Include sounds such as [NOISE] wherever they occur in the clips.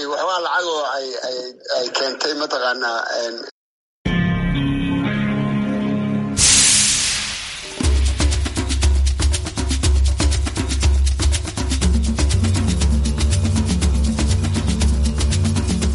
ay lacag oo ay keentay mataqaanaa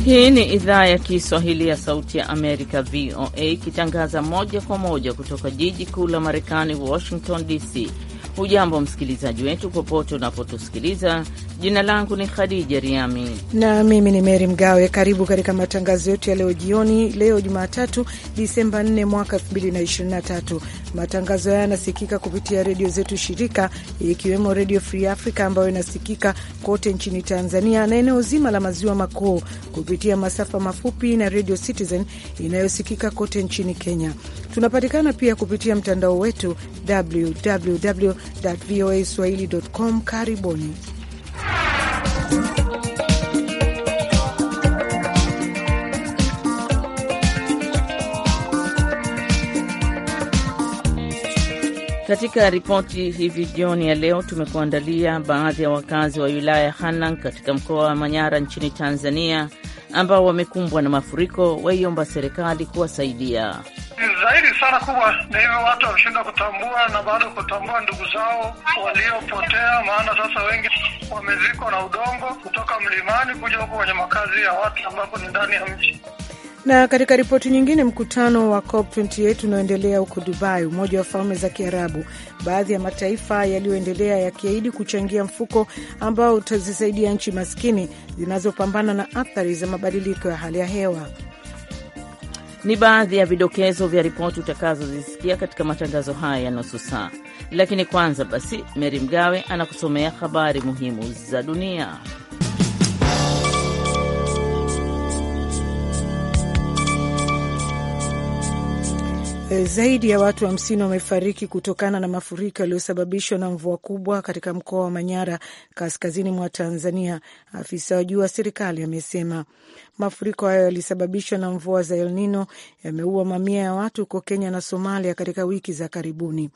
Hii ni idhaa ya Kiswahili ya Sauti ya Amerika, VOA, ikitangaza moja kwa moja kutoka jiji kuu la Marekani, Washington DC. Hujambo msikilizaji wetu popote unapotusikiliza. Jina langu ni Khadija Riami na mimi ni Meri Mgawe. Karibu katika matangazo yetu ya leo jioni, leo Jumatatu Disemba 4 mwaka 2023. Matangazo haya yanasikika kupitia redio zetu shirika, ikiwemo Redio Free Africa ambayo inasikika kote nchini Tanzania na eneo zima la maziwa makuu kupitia masafa mafupi na Redio Citizen inayosikika kote nchini Kenya. Tunapatikana pia kupitia mtandao wetu www voa swahili.com. Karibuni. Katika ripoti hivi jioni ya leo tumekuandalia baadhi ya wakazi wa wilaya ya Hanang katika mkoa wa Manyara nchini Tanzania ambao wamekumbwa na mafuriko waiomba serikali kuwasaidia dhahiri sana kubwa, na hivyo watu wameshindwa kutambua na bado kutambua ndugu zao waliopotea, maana sasa wengi wamezikwa na udongo kutoka mlimani kuja huko kwenye makazi ya watu ambapo ni ndani ya mji. Na katika ripoti nyingine, mkutano wa COP 28 unaoendelea huko Dubai, Umoja wa Falme za Kiarabu, baadhi ya mataifa yaliyoendelea yakiahidi kuchangia mfuko ambao utazisaidia nchi maskini zinazopambana na athari za mabadiliko ya hali ya hewa. Ni baadhi ya vidokezo vya ripoti utakazozisikia katika matangazo haya ya nusu saa, lakini kwanza basi, Meri Mgawe anakusomea habari muhimu za dunia. Eh, zaidi ya watu hamsini wa wamefariki kutokana na mafuriko yaliyosababishwa na mvua kubwa katika mkoa wa Manyara, kaskazini mwa Tanzania, afisa wa juu wa serikali amesema. Mafuriko hayo yalisababishwa na mvua za El Nino yameua mamia ya watu huko Kenya na Somalia katika wiki za karibuni.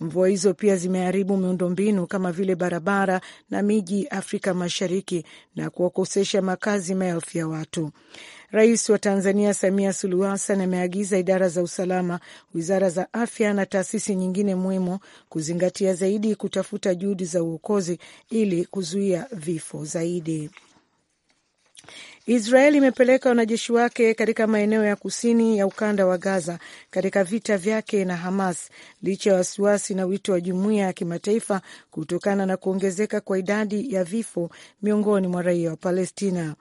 Mvua hizo pia zimeharibu miundombinu kama vile barabara na miji Afrika Mashariki na kuwakosesha makazi maelfu ya watu. Rais wa Tanzania Samia Suluhu Hassan ameagiza idara za usalama, wizara za afya na taasisi nyingine muhimu kuzingatia zaidi kutafuta juhudi za uokozi ili kuzuia vifo zaidi. Israel imepeleka wanajeshi wake katika maeneo ya kusini ya ukanda wa Gaza katika vita vyake na Hamas licha ya wasiwasi na wito wa jumuiya ya kimataifa kutokana na kuongezeka kwa idadi ya vifo miongoni mwa raia wa Palestina.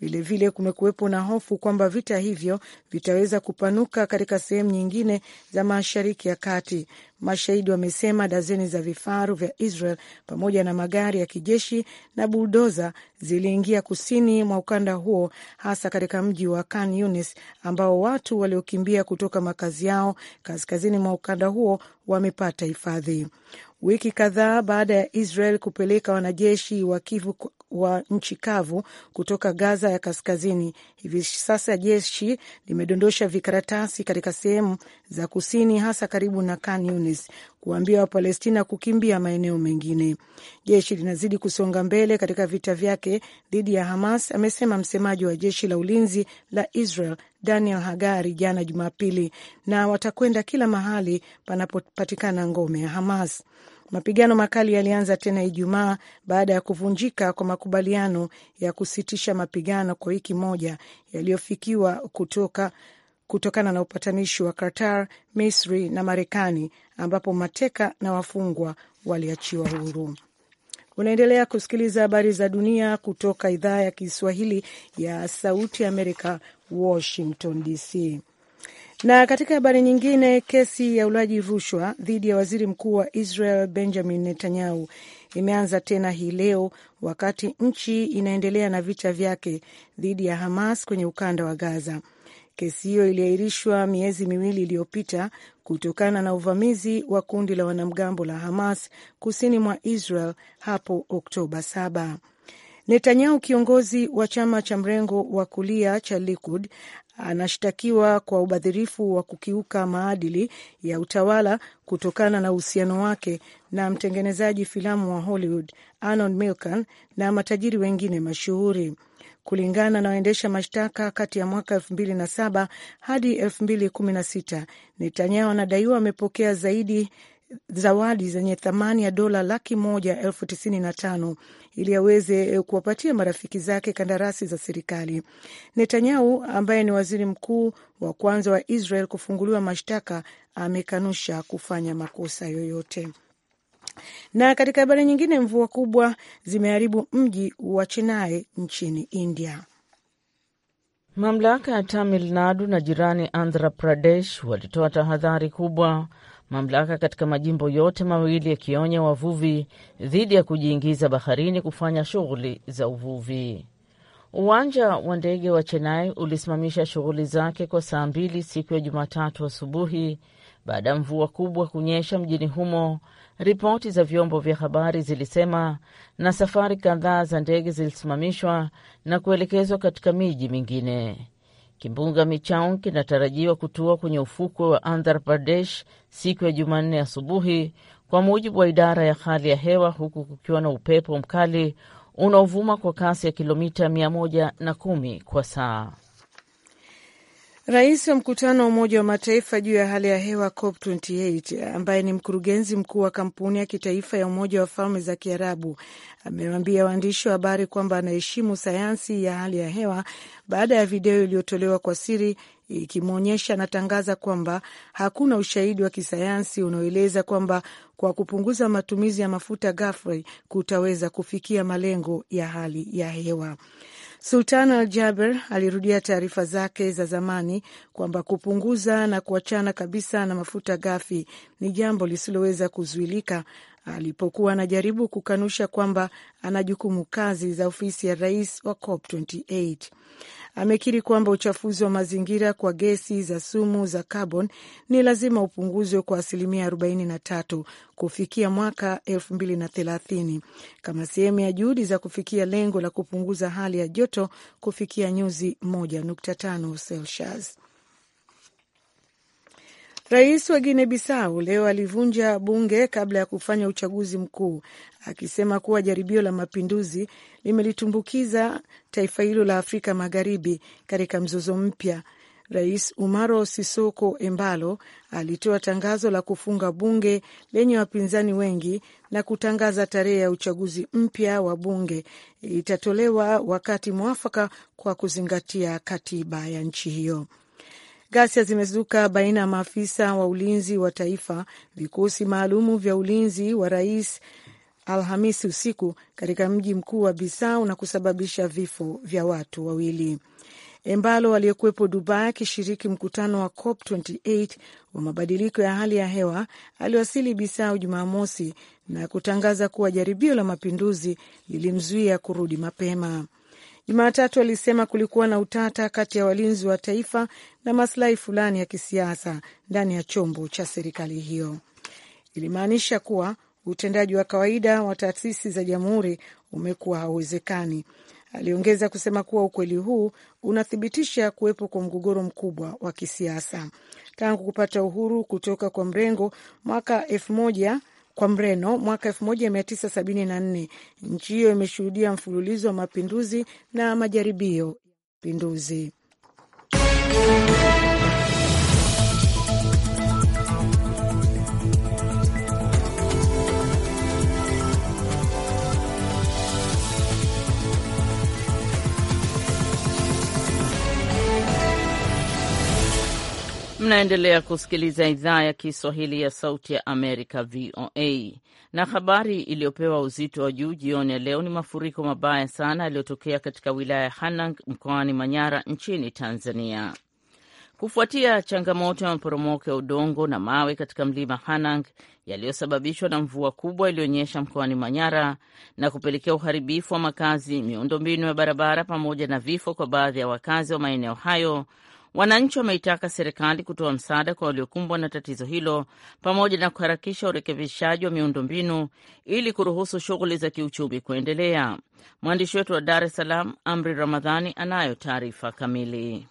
Vilevile kumekuwepo na hofu kwamba vita hivyo vitaweza kupanuka katika sehemu nyingine za Mashariki ya Kati. Mashahidi wamesema dazeni za vifaru vya Israel pamoja na magari ya kijeshi na buldoza ziliingia kusini mwa ukanda huo, hasa katika mji wa Khan Yunis ambao watu waliokimbia kutoka makazi yao kaskazini mwa ukanda huo wamepata hifadhi. Wiki kadhaa baada ya Israel kupeleka wanajeshi wa kivu wa nchi kavu kutoka Gaza ya kaskazini. Hivi sasa jeshi limedondosha vikaratasi katika sehemu za kusini, hasa karibu na Khan Yunis, kuambia Wapalestina kukimbia maeneo mengine. Jeshi linazidi kusonga mbele katika vita vyake dhidi ya Hamas, amesema msemaji wa jeshi la ulinzi la Israel Daniel Hagari jana Jumapili, na watakwenda kila mahali panapopatikana ngome ya Hamas. Mapigano makali yalianza tena Ijumaa baada ya kuvunjika kwa makubaliano ya kusitisha mapigano kwa wiki moja yaliyofikiwa kutoka kutokana na upatanishi wa Qatar, Misri na Marekani, ambapo mateka na wafungwa waliachiwa huru. Unaendelea kusikiliza habari za dunia kutoka idhaa ya Kiswahili ya Sauti Amerika, Washington DC. Na katika habari nyingine, kesi ya ulaji rushwa dhidi ya waziri mkuu wa Israel Benjamin Netanyahu imeanza tena hii leo wakati nchi inaendelea na vita vyake dhidi ya Hamas kwenye ukanda wa Gaza. Kesi hiyo iliahirishwa miezi miwili iliyopita kutokana na uvamizi wa kundi la wanamgambo la Hamas kusini mwa Israel hapo Oktoba 7. Netanyahu, kiongozi wa chama cha mrengo wa kulia cha Likud, anashtakiwa kwa ubadhirifu wa kukiuka maadili ya utawala kutokana na uhusiano wake na mtengenezaji filamu wa Hollywood Anon Milcan na matajiri wengine mashuhuri. Kulingana na waendesha mashtaka, kati ya mwaka elfu mbili na saba hadi elfu mbili kumi na sita Netanyahu anadaiwa amepokea zaidi zawadi zenye thamani ya dola laki moja elfu tisini na tano ili aweze eh, kuwapatia marafiki zake kandarasi za serikali. Netanyahu ambaye ni waziri mkuu wa kwanza wa Israel kufunguliwa mashtaka amekanusha kufanya makosa yoyote. Na katika habari nyingine, mvua kubwa zimeharibu mji wa Chennai nchini India. Mamlaka ya Tamil Nadu na jirani Andhra Pradesh walitoa tahadhari kubwa mamlaka katika majimbo yote mawili yakionya wavuvi dhidi ya kujiingiza baharini kufanya shughuli za uvuvi. Uwanja wa ndege wa Chennai ulisimamisha shughuli zake kwa saa mbili siku ya Jumatatu asubuhi baada ya mvua kubwa kunyesha mjini humo, ripoti za vyombo vya habari zilisema, na safari kadhaa za ndege zilisimamishwa na kuelekezwa katika miji mingine. Kimbunga Michaung kinatarajiwa kutua kwenye ufukwe wa Andhra Pradesh siku ya Jumanne asubuhi, kwa mujibu wa idara ya hali ya hewa, huku kukiwa na upepo mkali unaovuma kwa kasi ya kilomita 110 kwa saa. Rais wa mkutano wa Umoja wa Mataifa juu ya hali ya hewa COP28 ambaye ni mkurugenzi mkuu wa kampuni ya kitaifa ya Umoja wa Falme za Kiarabu amewaambia waandishi wa habari kwamba anaheshimu sayansi ya hali ya hewa baada ya video iliyotolewa kwa siri ikimwonyesha anatangaza kwamba hakuna ushahidi wa kisayansi unaoeleza kwamba kwa kupunguza matumizi ya mafuta ghafi kutaweza kufikia malengo ya hali ya hewa. Sultan Al Jaber alirudia taarifa zake za zamani kwamba kupunguza na kuachana kabisa na mafuta ghafi ni jambo lisiloweza kuzuilika alipokuwa anajaribu kukanusha kwamba ana jukumu kazi za ofisi ya rais wa COP28. Amekiri kwamba uchafuzi wa mazingira kwa gesi za sumu za carbon ni lazima upunguzwe kwa asilimia 43 kufikia mwaka 2030 kama sehemu ya juhudi za kufikia lengo la kupunguza hali ya joto kufikia nyuzi 1.5 Celsius. Rais wa guine Bissau leo alivunja bunge kabla ya kufanya uchaguzi mkuu, akisema kuwa jaribio la mapinduzi limelitumbukiza taifa hilo la Afrika Magharibi katika mzozo mpya. Rais Umaro Sisoko Embalo alitoa tangazo la kufunga bunge lenye wapinzani wengi na kutangaza tarehe ya uchaguzi mpya wa bunge itatolewa wakati mwafaka kwa kuzingatia katiba ya nchi hiyo. Ghasia zimezuka baina ya maafisa wa ulinzi wa taifa, vikosi maalumu vya ulinzi wa rais Alhamisi usiku katika mji mkuu wa Bisau na kusababisha vifo vya watu wawili. Embalo aliyekuwepo Dubai akishiriki mkutano wa COP28 wa mabadiliko ya hali ya hewa aliwasili Bisau Jumamosi na kutangaza kuwa jaribio la mapinduzi lilimzuia kurudi mapema. Jumatatu alisema kulikuwa na utata kati ya walinzi wa taifa na maslahi fulani ya kisiasa ndani ya chombo cha serikali hiyo. Ilimaanisha kuwa utendaji wa kawaida wa taasisi za jamhuri umekuwa hauwezekani. Aliongeza kusema kuwa ukweli huu unathibitisha kuwepo kwa mgogoro mkubwa wa kisiasa tangu kupata uhuru kutoka kwa mrengo mwaka elfu moja kwa Mreno mwaka 1974. Nchi hiyo imeshuhudia mfululizo wa mapinduzi na majaribio ya mapinduzi. Mnaendelea kusikiliza idhaa ya Kiswahili ya Sauti ya Amerika, VOA. Na habari iliyopewa uzito wa juu jioni ya leo ni mafuriko mabaya sana yaliyotokea katika wilaya ya Hanang mkoani Manyara nchini Tanzania, kufuatia changamoto ya maporomoko ya udongo na mawe katika mlima Hanang yaliyosababishwa na mvua kubwa iliyonyesha mkoani Manyara na kupelekea uharibifu wa makazi, miundombinu ya barabara, pamoja na vifo kwa baadhi ya wakazi wa maeneo hayo Wananchi wameitaka serikali kutoa msaada kwa waliokumbwa na tatizo hilo pamoja na kuharakisha urekebishaji wa miundombinu ili kuruhusu shughuli za kiuchumi kuendelea. Mwandishi wetu wa Dar es Salaam, Amri Ramadhani, anayo taarifa kamili.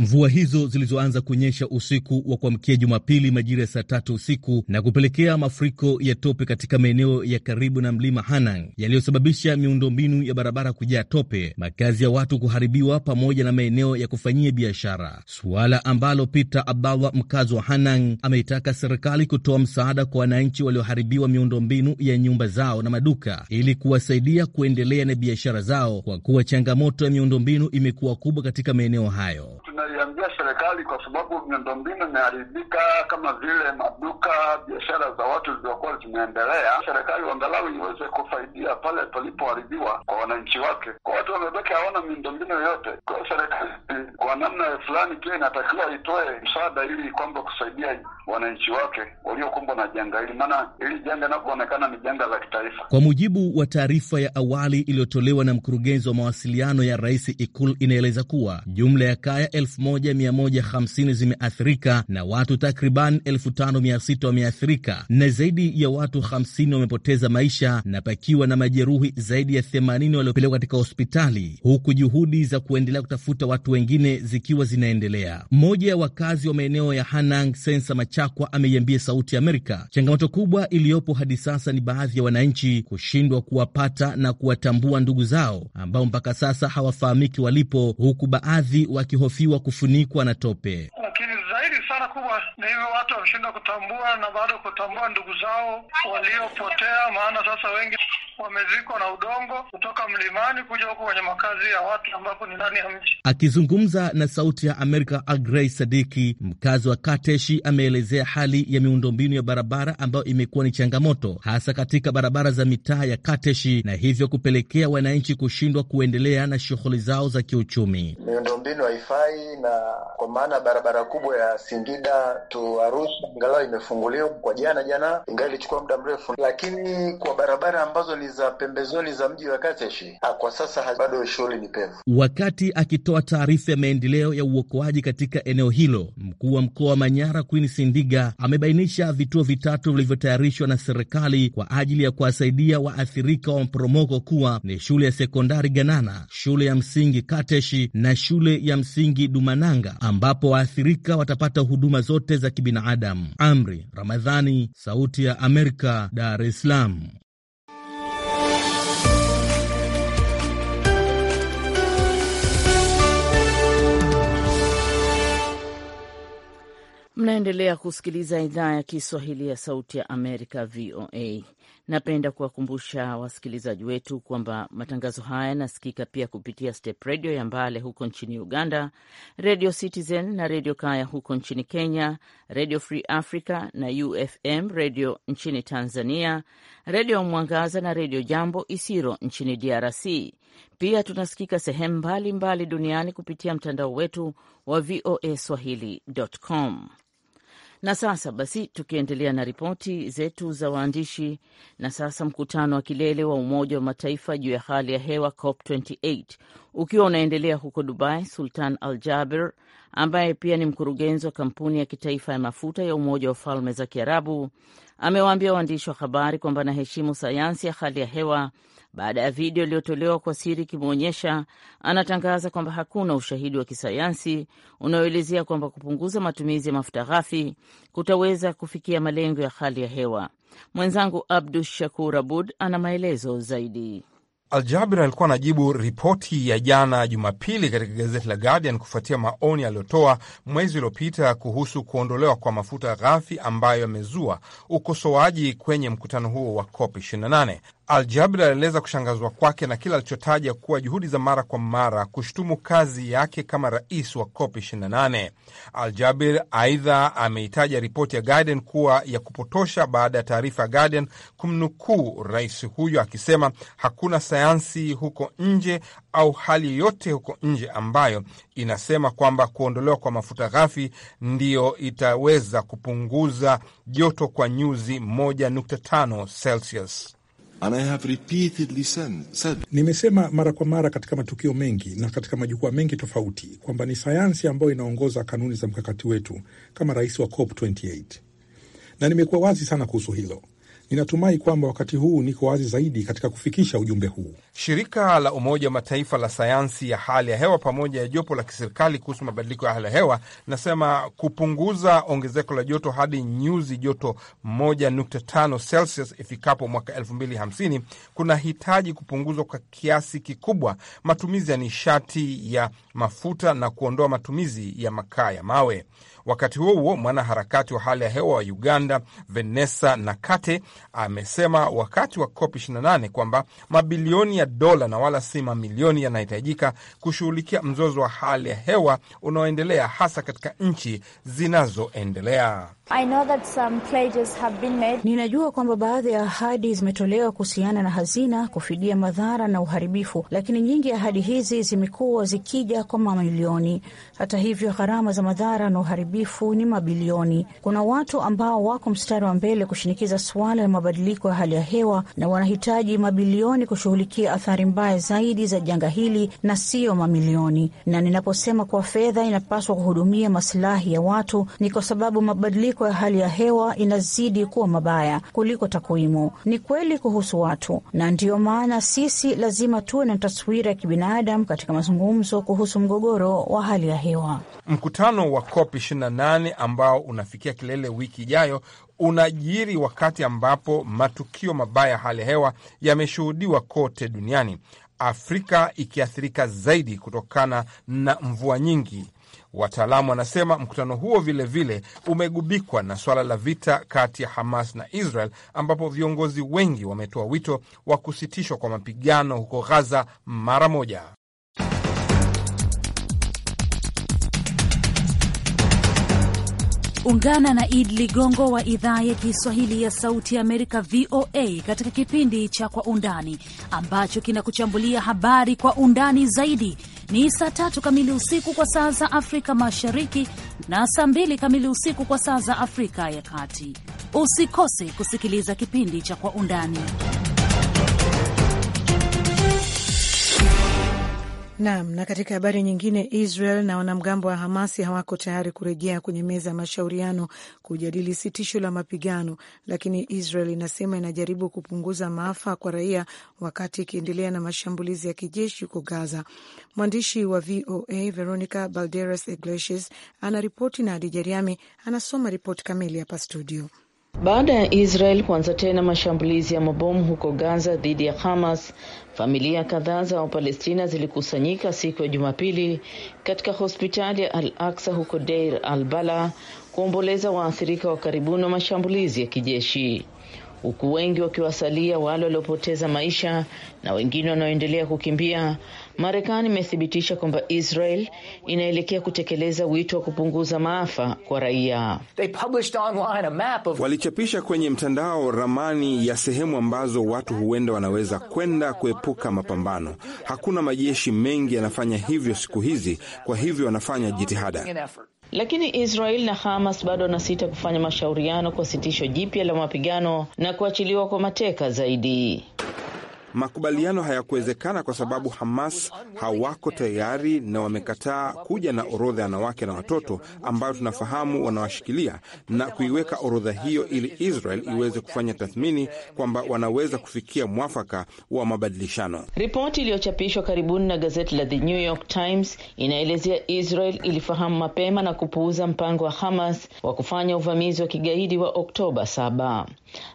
Mvua hizo zilizoanza kunyesha usiku wa kuamkia Jumapili majira ya saa tatu usiku na kupelekea mafuriko ya tope katika maeneo ya karibu na mlima Hanang yaliyosababisha miundombinu ya barabara kujaa tope, makazi ya watu kuharibiwa, pamoja na maeneo ya kufanyia biashara, suala ambalo Peter Abdallah, mkazi wa Hanang, ameitaka serikali kutoa msaada kwa wananchi walioharibiwa miundombinu ya nyumba zao na maduka ili kuwasaidia kuendelea na biashara zao, kwa kuwa changamoto ya miundombinu imekuwa kubwa katika maeneo hayo tunaiambia serikali kwa sababu miundombinu imeharibika, kama vile maduka, biashara za watu zilizokuwa zimeendelea, serikali wangalau iweze kufaidia pale palipoharibiwa kwa wananchi wake. Kwa watu wamebaki hawana miundombinu yoyote, kwa serikali kwa namna fulani pia inatakiwa itoe msaada ili kwamba kusaidia wananchi wake waliokumbwa na janga hili, maana hili janga inapoonekana ni janga la kitaifa. Kwa mujibu wa taarifa ya awali iliyotolewa na mkurugenzi wa mawasiliano ya rais, ikul inaeleza kuwa jumla ya kaya elfu 1150 zimeathirika na watu takriban 5600 wameathirika na zaidi ya watu 50 wamepoteza maisha na pakiwa na majeruhi zaidi ya 80 waliopelekwa katika hospitali, huku juhudi za kuendelea kutafuta watu wengine zikiwa zinaendelea. Mmoja ya wakazi wa maeneo ya Hanang Sensa Machakwa ameiambia Sauti Amerika changamoto kubwa iliyopo hadi sasa ni baadhi ya wananchi kushindwa kuwapata na kuwatambua ndugu zao ambao mpaka sasa hawafahamiki walipo, huku baadhi wakihofiwa kufunikwa na tope. Lakini zaidi sana kubwa ni hivyo, watu wameshindwa kutambua na bado kutambua ndugu zao waliopotea, maana sasa wengi wamezikwa na udongo kutoka mlimani kuja huku kwenye makazi ya watu ambapo ni ndani ya mji. Akizungumza na Sauti ya Amerika, Agrey Sadiki, mkazi wa Kateshi, ameelezea hali ya miundombinu ya barabara ambayo imekuwa ni changamoto hasa katika barabara za mitaa ya Kateshi na hivyo kupelekea wananchi kushindwa kuendelea na shughuli zao za kiuchumi. Miundombinu haifai, na kwa maana barabara kubwa ya Singida tu Arusha ingalau imefunguliwa kwa jana jana, ingawa ilichukua muda mrefu, lakini kwa barabara ambazo ni za pembezoni za mji wa Kateshi kwa sasa bado shughuli ni pevu. Wakati akitoa taarifa ya maendeleo ya uokoaji katika eneo hilo, mkuu wa mkoa wa Manyara Queen Sindiga amebainisha vituo vitatu vilivyotayarishwa na serikali kwa ajili ya kuwasaidia waathirika wa mporomoko kuwa ni shule ya sekondari Ganana, shule ya msingi Kateshi na shule ya msingi Dumananga, ambapo waathirika watapata huduma zote za kibinadamu. Amri Ramadhani, Sauti ya Amerika, Dar es Salaam. Mnaendelea kusikiliza idhaa ya Kiswahili ya Sauti ya Amerika, VOA. Napenda kuwakumbusha wasikilizaji wetu kwamba matangazo haya yanasikika pia kupitia Step Redio ya Mbale huko nchini Uganda, Redio Citizen na Redio Kaya huko nchini Kenya, Redio Free Africa na UFM Redio nchini Tanzania, Redio Mwangaza na Redio Jambo Isiro nchini DRC. Pia tunasikika sehemu mbalimbali duniani kupitia mtandao wetu wa VOA swahili.com. Na sasa basi, tukiendelea na ripoti zetu za waandishi. Na sasa mkutano wa kilele wa Umoja wa Mataifa juu ya hali ya hewa COP 28 ukiwa unaendelea huko Dubai, Sultan Al Jaber ambaye pia ni mkurugenzi wa kampuni ya kitaifa ya mafuta ya Umoja wa Falme za Kiarabu amewaambia waandishi wa habari kwamba anaheshimu sayansi ya hali ya hewa baada ya video iliyotolewa kwa siri ikimwonyesha anatangaza kwamba hakuna ushahidi wa kisayansi unaoelezea kwamba kupunguza matumizi ya mafuta ghafi kutaweza kufikia malengo ya hali ya hewa. Mwenzangu Abdu Shakur Abud ana maelezo zaidi. Aljabir alikuwa anajibu ripoti ya jana Jumapili katika gazeti la Guardian kufuatia maoni aliyotoa mwezi uliopita kuhusu kuondolewa kwa mafuta ghafi ambayo yamezua ukosoaji kwenye mkutano huo wa COP Al-Jabir alieleza kushangazwa kwake na kile alichotaja kuwa juhudi za mara kwa mara kushutumu kazi yake kama rais wa COP 28. Al-Jabir aidha ameitaja ripoti ya Guardian kuwa ya kupotosha baada ya taarifa ya Guardian kumnukuu rais huyo akisema hakuna sayansi huko nje au hali yoyote huko nje ambayo inasema kwamba kuondolewa kwa mafuta ghafi ndiyo itaweza kupunguza joto kwa nyuzi 1.5 Celsius. And I have repeatedly said, nimesema mara kwa mara katika matukio mengi na katika majukwaa mengi tofauti kwamba ni sayansi ambayo inaongoza kanuni za mkakati wetu kama rais wa COP 28 na nimekuwa wazi sana kuhusu hilo. Ninatumai kwamba wakati huu niko wazi zaidi katika kufikisha ujumbe huu. Shirika la Umoja wa Mataifa la sayansi ya hali ya hewa pamoja ya jopo la kiserikali kuhusu mabadiliko ya hali ya hewa nasema kupunguza ongezeko la joto hadi nyuzi joto 1.5 Celsius ifikapo mwaka 2050 kunahitaji kupunguzwa kwa kiasi kikubwa matumizi ya nishati ya mafuta na kuondoa matumizi ya makaa ya mawe. Wakati huo huo, mwanaharakati wa hali ya hewa wa Uganda Vanessa Nakate amesema wakati wa COP 28 kwamba mabilioni ya dola na wala si mamilioni yanahitajika kushughulikia mzozo wa hali ya hewa unaoendelea hasa katika nchi zinazoendelea. Ninajua kwamba baadhi ya ahadi zimetolewa kuhusiana na hazina, kufidia madhara na uharibifu, lakini nyingi ahadi hizi zimekuwa zikija kwa mamilioni. Hata hivyo, gharama za madhara na uharibifu uharibifu ni mabilioni. Kuna watu ambao wako mstari wa mbele kushinikiza suala la mabadiliko ya hali ya hewa na wanahitaji mabilioni kushughulikia athari mbaya zaidi za janga hili na siyo mamilioni. Na ninaposema kuwa fedha inapaswa kuhudumia masilahi ya watu, ni kwa sababu mabadiliko ya hali ya hewa inazidi kuwa mabaya kuliko takwimu. Ni kweli kuhusu watu, na ndiyo maana sisi lazima tuwe na taswira ya kibinadamu katika mazungumzo kuhusu mgogoro wa hali ya hewa. Mkutano wa COP 28 ambao unafikia kilele wiki ijayo unajiri wakati ambapo matukio mabaya hali ya hewa yameshuhudiwa kote duniani, Afrika ikiathirika zaidi kutokana na mvua nyingi. Wataalamu wanasema mkutano huo vilevile vile umegubikwa na suala la vita kati ya Hamas na Israel, ambapo viongozi wengi wametoa wito wa kusitishwa kwa mapigano huko ghaza mara moja. Ungana na Id Ligongo wa idhaa ya Kiswahili ya Sauti ya Amerika, VOA, katika kipindi cha Kwa Undani ambacho kinakuchambulia habari kwa undani zaidi. Ni saa tatu kamili usiku kwa saa za Afrika Mashariki na saa mbili kamili usiku kwa saa za Afrika ya Kati. Usikose kusikiliza kipindi cha Kwa Undani. Naam. Na katika habari nyingine, Israel na wanamgambo wa Hamasi hawako tayari kurejea kwenye meza ya mashauriano kujadili sitisho la mapigano, lakini Israel inasema inajaribu kupunguza maafa kwa raia wakati ikiendelea na mashambulizi ya kijeshi huko Gaza. Mwandishi wa VOA Veronica Balderas Iglesias anaripoti na Adijariami anasoma ripoti kamili hapa studio. Baada ya Israel kuanza tena mashambulizi ya mabomu huko Gaza dhidi ya Hamas, familia kadhaa za Wapalestina zilikusanyika siku ya Jumapili katika hospitali ya Al Aksa huko Deir al Bala kuomboleza waathirika wa karibuni wa mashambulizi ya kijeshi, huku wengi wakiwasalia wale waliopoteza maisha na wengine wanaoendelea kukimbia Marekani imethibitisha kwamba Israel inaelekea kutekeleza wito wa kupunguza maafa kwa raia. Of... walichapisha kwenye mtandao ramani ya sehemu ambazo watu huenda wanaweza kwenda kuepuka mapambano. Hakuna majeshi mengi yanafanya hivyo siku hizi, kwa hivyo wanafanya jitihada lakini Israel na Hamas bado wanasita kufanya mashauriano kwa sitisho jipya la mapigano na kuachiliwa kwa mateka zaidi. Makubaliano hayakuwezekana kwa sababu Hamas hawako tayari na wamekataa kuja na orodha ya wanawake na watoto ambayo tunafahamu wanawashikilia na kuiweka orodha hiyo ili Israel iweze kufanya tathmini kwamba wanaweza kufikia mwafaka wa mabadilishano. Ripoti iliyochapishwa karibuni na gazeti la The New York Times inaelezea Israel ilifahamu mapema na kupuuza mpango wa Hamas wa kufanya uvamizi wa kigaidi wa Oktoba 7.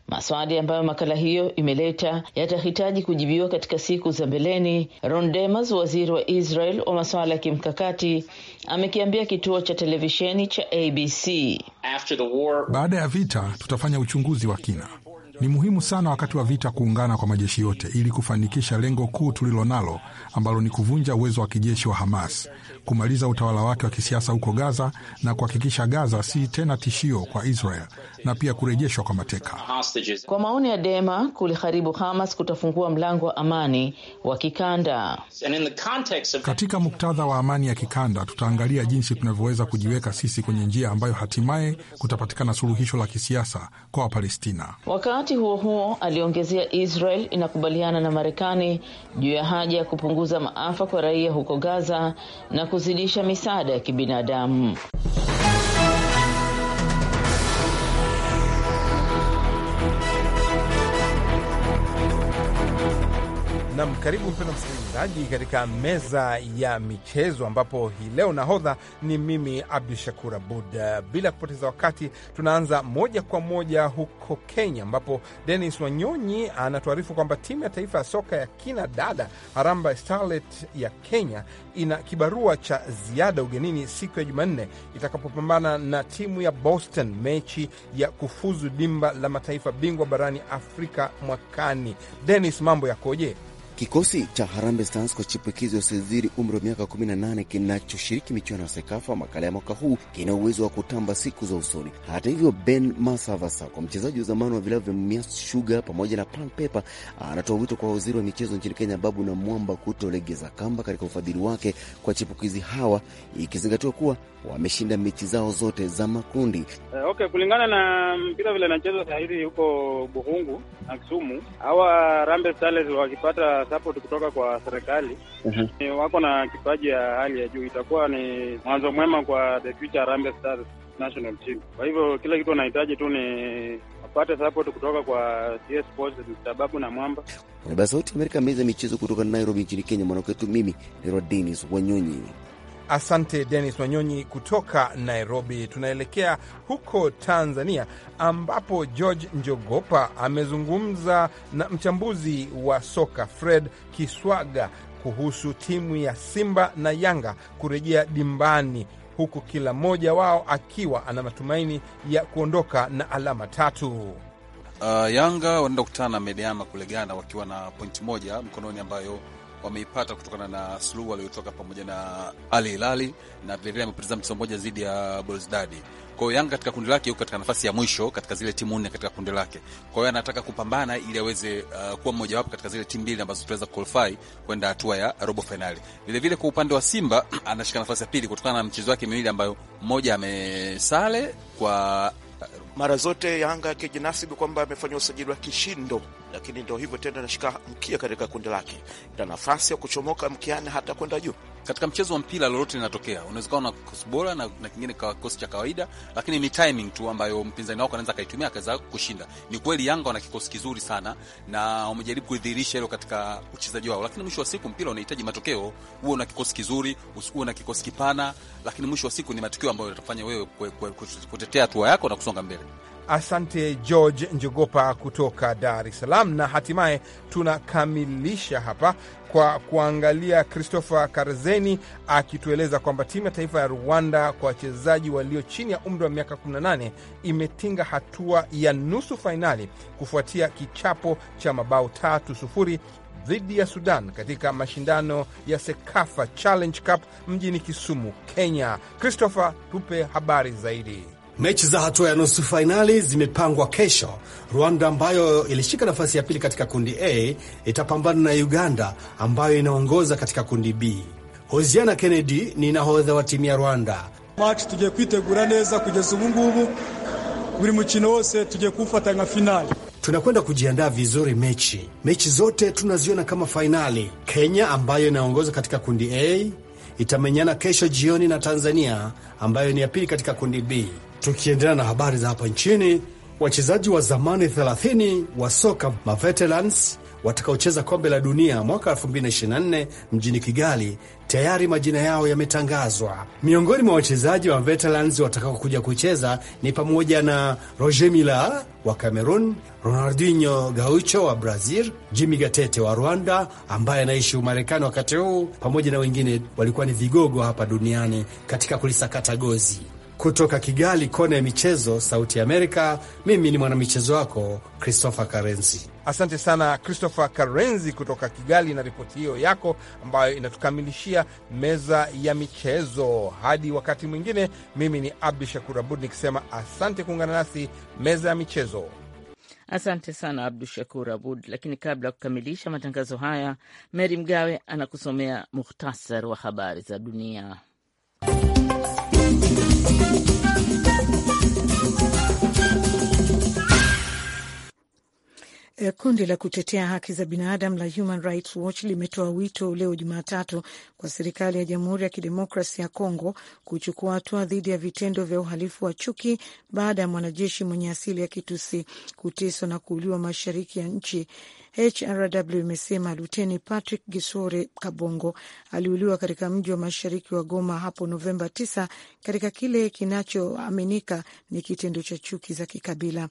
Maswali ambayo makala hiyo imeleta yatahitaji kujibiwa katika siku za mbeleni. Ron Demas, waziri wa Israel wa masuala ya kimkakati, amekiambia kituo cha televisheni cha ABC, baada ya vita tutafanya uchunguzi wa kina. Ni muhimu sana wakati wa vita kuungana kwa majeshi yote ili kufanikisha lengo kuu tulilonalo ambalo ni kuvunja uwezo wa kijeshi wa Hamas, kumaliza utawala wake wa kisiasa huko Gaza na kuhakikisha Gaza si tena tishio kwa Israel na pia kurejeshwa kwa mateka. Kwa maoni ya Dema, kuliharibu Hamas kutafungua mlango wa amani wa kikanda. Katika muktadha wa amani ya kikanda, tutaangalia jinsi tunavyoweza kujiweka sisi kwenye njia ambayo hatimaye kutapatikana suluhisho la kisiasa kwa Wapalestina. Wakati huo huo, aliongezea, Israel inakubaliana na Marekani juu ya haja ya kupunguza maafa kwa raia huko Gaza na kuzidisha misaada ya kibinadamu. Nam, karibu mpendo msikilizaji katika meza ya michezo, ambapo hii leo nahodha ni mimi Abdu Shakur Abud. Bila kupoteza wakati, tunaanza moja kwa moja huko Kenya, ambapo Denis Wanyonyi anatuarifu kwamba timu ya taifa ya soka ya kina dada haramba Starlet ya Kenya ina kibarua cha ziada ugenini siku ya Jumanne itakapopambana na timu ya Boston, mechi ya kufuzu dimba la mataifa bingwa barani Afrika mwakani. Denis, mambo yakoje? Kikosi cha Harambee Stars kwa chipukizi wa wasiozidi umri wa miaka 18 kinachoshiriki michuano ya Sekafa makala ya mwaka huu kina uwezo wa kutamba siku za usoni. Hata hivyo, Ben Masavasa kwa mchezaji wa zamani wa vilabu vya Mias Sugar pamoja na Pan Paper anatoa wito kwa waziri wa michezo nchini Kenya Babu na Mwamba kutolegeza kamba katika ufadhili wake kwa chipukizi hawa, ikizingatiwa kuwa wameshinda mechi zao zote za makundi. Eh, okay, kulingana na mpira vile anacheza saa hizi huko Buhungu na Kisumu, hawa wakipata support kutoka kwa serikali uh-huh. wako na kipaji ya hali ya juu, itakuwa ni mwanzo mwema kwa the future national team. Kwa hivyo kila kitu wanahitaji tu ni wapate support kutoka kwa CS Sports, sababu na mwamba basi. Sauti ya Amerika, meza michezo kutoka Nairobi nchini Kenya, mwanaketu mimi ni Rodinis Wanyonyi. Asante Denis Wanyonyi kutoka Nairobi. Tunaelekea huko Tanzania, ambapo George Njogopa amezungumza na mchambuzi wa soka Fred Kiswaga kuhusu timu ya Simba na Yanga kurejea dimbani, huku kila mmoja wao akiwa ana matumaini ya kuondoka na alama tatu. Uh, Yanga wanaenda kukutana na Medeama kule Ghana wakiwa na pointi moja mkononi ambayo wameipata kutokana na suluhu waliotoka pamoja na Ali Hilali na vilevile amepoteza mchezo mmoja dhidi ya Boldadi. Kwa hiyo Yanga katika kundi lake yuko katika nafasi ya mwisho katika zile timu nne katika kundi lake. Kwa hiyo anataka kupambana ili aweze uh, kuwa mmojawapo katika zile timu mbili ambazo tunaweza qualify kwenda hatua ya robo fainali. Vilevile kwa upande wa Simba [CLEARS THROAT] anashika nafasi ya pili kutokana na mchezo wake miwili ambayo mmoja amesale kwa uh, mara zote Yanga kijinasibu kwamba amefanya usajili wa kishindo lakini ndio hivyo tena, anashika mkia katika kundi lake na nafasi ya kuchomoka mkiani hata kwenda juu. Katika mchezo wa mpira lolote linatokea, unaweza kuwa na kosi bora na, na kingine kwa kikosi cha kawaida, lakini ni timing tu ambayo mpinzani wako anaweza akaitumia akaweza kushinda. Ni kweli Yanga wana kikosi kizuri sana na wamejaribu kudhihirisha hilo katika uchezaji wao, lakini mwisho wa siku mpira unahitaji matokeo. Huwe una kikosi kizuri, uwe na kikosi kipana, lakini mwisho wa siku ni matokeo ambayo yatafanya wewe kutetea hatua yako na kusonga mbele. Asante George Njogopa kutoka Dar es Salaam. Na hatimaye tunakamilisha hapa kwa kuangalia Christopher Karzeni akitueleza kwamba timu ya taifa ya Rwanda kwa wachezaji walio chini ya umri wa miaka 18 imetinga hatua ya nusu fainali kufuatia kichapo cha mabao tatu sufuri dhidi ya Sudan katika mashindano ya Sekafa Challenge Cup mjini Kisumu, Kenya. Christopher, tupe habari zaidi. Mechi za hatua ya nusu fainali zimepangwa kesho. Rwanda ambayo ilishika nafasi ya pili katika kundi A itapambana na Uganda ambayo inaongoza katika kundi B. Hosiana Kennedy ni nahodha wa timu ya Rwanda. machi tugiye kwitegura neza kugeza ubu ngubu buri mukino wose tugiye kuwufata nka finali tunakwenda kujiandaa vizuri. Mechi mechi zote tunaziona kama fainali. Kenya ambayo inaongoza katika kundi A itamenyana kesho jioni na Tanzania ambayo ni ya pili katika kundi B. Tukiendelea na habari za hapa nchini, wachezaji wa zamani 30 wa soka maveterans watakaocheza kombe la dunia mwaka 2024 mjini Kigali tayari majina yao yametangazwa. Miongoni mwa wachezaji wa veterans watakaokuja kucheza ni pamoja na Roger Mila wa Cameroon, Ronaldinho Gaucho wa Brazil, Jimmy Gatete wa Rwanda ambaye anaishi Umarekani wakati huu, pamoja na wengine walikuwa ni vigogo hapa duniani katika kulisakata gozi. Kutoka Kigali, kona ya michezo, Sauti ya Amerika. Mimi ni mwanamichezo wako Christopher Karenzi. Asante sana Christopher Karenzi kutoka Kigali na ripoti hiyo yako ambayo inatukamilishia meza ya michezo. Hadi wakati mwingine, mimi ni Abdu Shakur Abud nikisema asante kuungana nasi meza ya michezo. Asante sana Abdu Shakur Abud. Lakini kabla ya kukamilisha matangazo haya, Meri Mgawe anakusomea muhtasar wa habari za dunia. Eh, kundi la kutetea haki za binadamu la Human Rights Watch limetoa wito leo Jumatatu kwa serikali ya Jamhuri ya Kidemokrasi ya congo kuchukua hatua dhidi ya vitendo vya uhalifu wa chuki baada ya mwanajeshi mwenye asili ya Kitusi kuteswa na kuuliwa mashariki ya nchi HRW imesema Luteni Patrick Gisore Kabongo aliuliwa katika mji wa mashariki wa Goma hapo Novemba 9 katika kile kinachoaminika ni kitendo cha chuki za kikabila.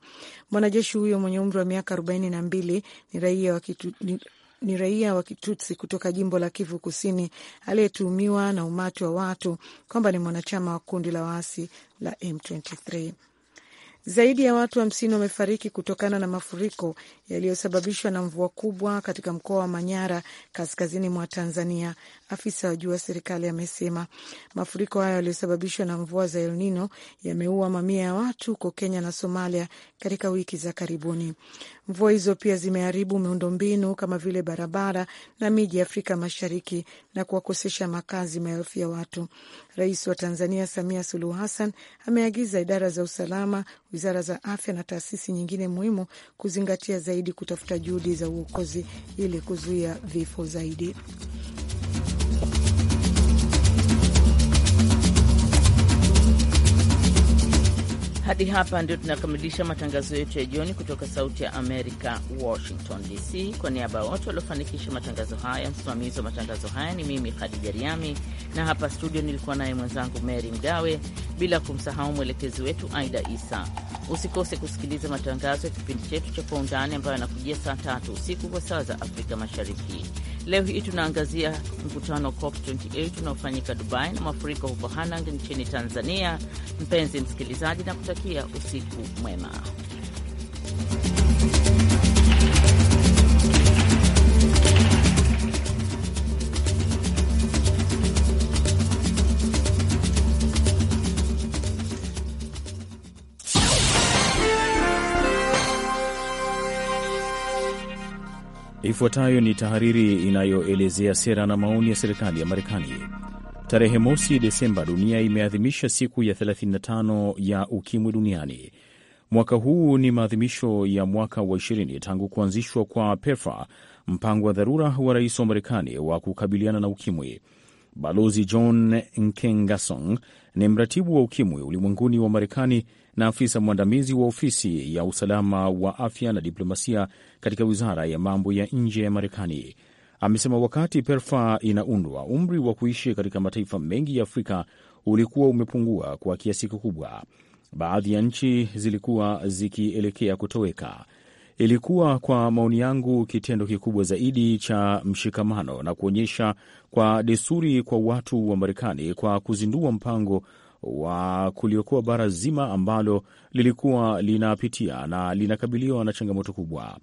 Mwanajeshi huyo mwenye umri wa miaka 42 ni raia wa kitu, ni, ni raia wa Kitutsi kutoka jimbo la Kivu Kusini aliyetuhumiwa na umati wa watu kwamba ni mwanachama wa kundi la waasi la M23. Zaidi ya watu hamsini wa wamefariki kutokana na mafuriko yaliyosababishwa na mvua kubwa katika mkoa wa Manyara, kaskazini mwa Tanzania, afisa wa juu wa serikali amesema. Mafuriko hayo yaliyosababishwa na mvua za El Nino yameua mamia ya watu huko Kenya na Somalia katika wiki za karibuni. Mvua hizo pia zimeharibu miundombinu kama vile barabara na miji ya Afrika Mashariki na kuwakosesha makazi maelfu ya watu. Rais wa Tanzania Samia Suluhu Hassan ameagiza idara za usalama, wizara za afya na taasisi nyingine muhimu kuzingatia zaidi kutafuta juhudi za uokozi ili kuzuia vifo zaidi. Hadi hapa ndio tunakamilisha matangazo yetu ya jioni kutoka Sauti ya Amerika, Washington DC. Kwa niaba ya wote waliofanikisha matangazo haya, msimamizi wa matangazo haya ni mimi Khadija Riami, na hapa studio nilikuwa naye mwenzangu Mary Mgawe, bila kumsahau mwelekezi wetu Aida Isa. Usikose kusikiliza matangazo ya kipindi chetu cha Kwa Undani ambayo yanakujia saa tatu usiku kwa saa za Afrika Mashariki. Leo hii tunaangazia mkutano COP28 unaofanyika Dubai na mafuriko huko Hanang nchini Tanzania. Mpenzi msikilizaji, na kutakia usiku mwema. Ifuatayo ni tahariri inayoelezea sera na maoni ya serikali ya Marekani. Tarehe mosi Desemba, dunia imeadhimisha siku ya 35 ya ukimwi duniani. Mwaka huu ni maadhimisho ya mwaka wa 20 tangu kuanzishwa kwa PEFA, mpango wa dharura wa rais wa Marekani wa kukabiliana na ukimwi. Balozi John Nkengasong ni mratibu wa ukimwi ulimwenguni wa Marekani na afisa mwandamizi wa ofisi ya usalama wa afya na diplomasia katika wizara ya mambo ya nje ya Marekani amesema wakati perfa inaundwa, umri wa kuishi katika mataifa mengi ya Afrika ulikuwa umepungua kwa kiasi kikubwa. Baadhi ya nchi zilikuwa zikielekea kutoweka. Ilikuwa kwa maoni yangu kitendo kikubwa zaidi cha mshikamano na kuonyesha kwa desturi kwa watu wa Marekani kwa kuzindua mpango wa kuliokoa bara zima ambalo lilikuwa linapitia na linakabiliwa na changamoto kubwa.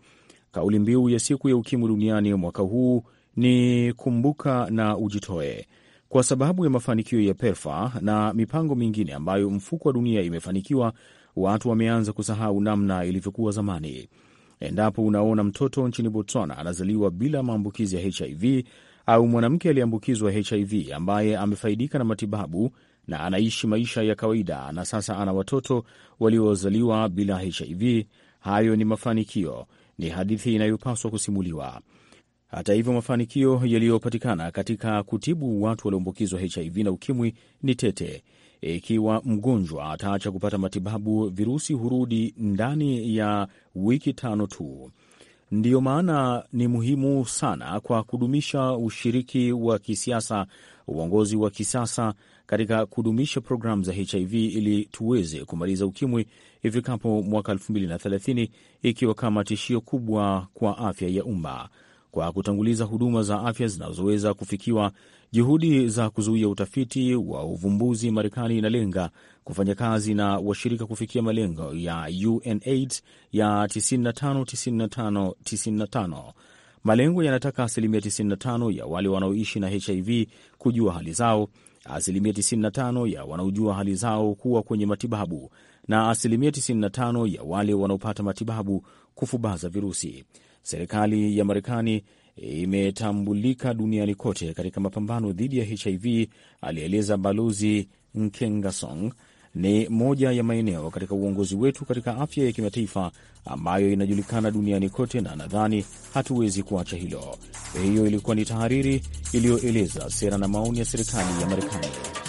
Kauli mbiu ya siku ya ukimwi duniani mwaka huu ni kumbuka na ujitoe. Kwa sababu ya mafanikio ya PEPFAR na mipango mingine ambayo mfuko wa dunia imefanikiwa, watu wameanza kusahau namna ilivyokuwa zamani. Endapo unaona mtoto nchini Botswana anazaliwa bila maambukizi ya HIV au mwanamke aliyeambukizwa HIV ambaye amefaidika na matibabu na anaishi maisha ya kawaida na sasa ana watoto waliozaliwa bila HIV. Hayo ni mafanikio, ni hadithi inayopaswa kusimuliwa. Hata hivyo, mafanikio yaliyopatikana katika kutibu watu walioambukizwa HIV na ukimwi ni tete. Ikiwa mgonjwa ataacha kupata matibabu, virusi hurudi ndani ya wiki tano tu. Ndiyo maana ni muhimu sana kwa kudumisha ushiriki wa kisiasa, uongozi wa kisasa katika kudumisha programu za HIV ili tuweze kumaliza ukimwi ifikapo mwaka 2030 ikiwa kama tishio kubwa kwa afya ya umma. Kwa kutanguliza huduma za afya zinazoweza kufikiwa, juhudi za kuzuia utafiti wa uvumbuzi, Marekani inalenga kufanya kazi na washirika kufikia malengo ya UNAIDS ya 95 95 95. Malengo yanataka asilimia 95 ya wale wanaoishi na HIV kujua hali zao, asilimia 95 ya wanaojua hali zao kuwa kwenye matibabu na asilimia 95 ya wale wanaopata matibabu kufubaza virusi. Serikali ya Marekani imetambulika duniani kote katika mapambano dhidi ya HIV, alieleza Balozi Nkengasong ni moja ya maeneo katika uongozi wetu katika afya ya kimataifa ambayo inajulikana duniani kote, na nadhani hatuwezi kuacha hilo. Hiyo ilikuwa ni tahariri iliyoeleza sera na maoni ya serikali ya Marekani.